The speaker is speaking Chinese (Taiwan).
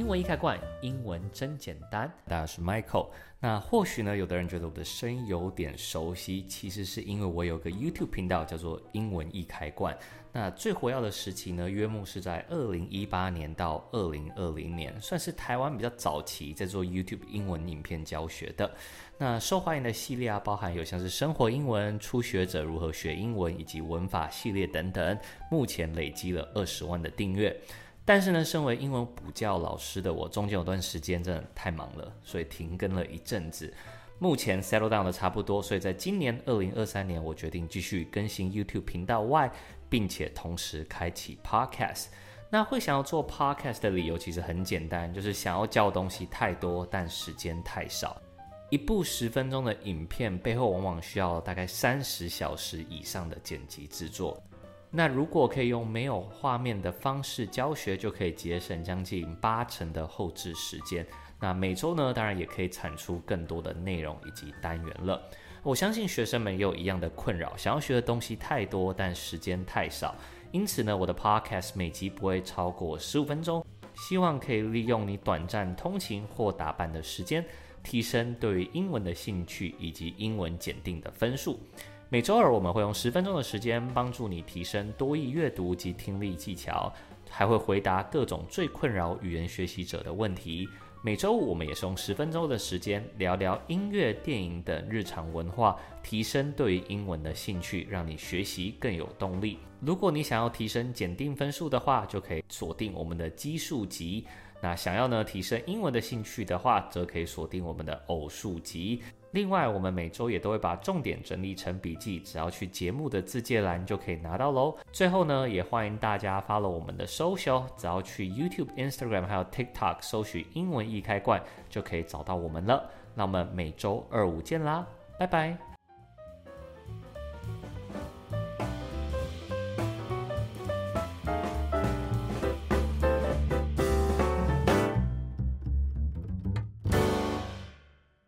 英文易開罐，英文真簡單。大家是 Michael。那或許呢，有的人覺得我的聲音有點熟悉，其實是因為我有個 YouTube 頻道叫做“英文易開罐”。那最活躍的時期呢，約莫是在二零一八年到二零二零年，算是台灣比較早期在做 YouTube 英文影片教學的。那受歡迎的系列啊，包含有像是生活英文、初學者如何學英文以及文法系列等等。目前累積了二十萬的訂閱。但是呢，身為英文補教老師的我，中間有段時間真的太忙了，所以停更了一陣子。目前 settle down 的差不多，所以在今年二零二三年，我決定繼續更新 YouTube 頻道外，並且同時開啟 podcast。那會想要做 podcast 的理由其實很簡單，就是想要教東西太多，但時間太少。一部十分鐘的影片背後，往往需要大概三十小時以上的剪輯製作。那如果可以用沒有畫面的方式教學，就可以節省將近八成的後製時間。那每周呢，當然也可以產出更多的內容以及單元了。我相信學生們也有一樣的困擾，想要學的東西太多，但時間太少。因此呢，我的 Podcast 每集不會超過十五分鐘，希望可以利用你短暫通勤或打扮的時間，提升對於英文的興趣以及英文檢定的分數。每週二我們會用十分鐘的時間幫助你提升多益閱讀及聽力技巧，還會回答各種最困擾語言學習者的問題。每週五我們也是用十分鐘的時間聊聊音樂、電影等日常文化，提升對於英文的興趣，讓你學習更有動力。如果你想要提升檢定分數的話，就可以鎖定我們的奇數集。那想要呢提升英文的興趣的話，則可以鎖定我們的偶數集。另外，我們每周也都會把重點整理成筆記，只要去節目的字幕欄就可以拿到了哦。最後呢，也歡迎大家 follow 我們的 social，只要去 YouTube、Instagram 還有 TikTok 蒐取英文易開罐，就可以找到我們了。那我們每周二五見啦，拜拜。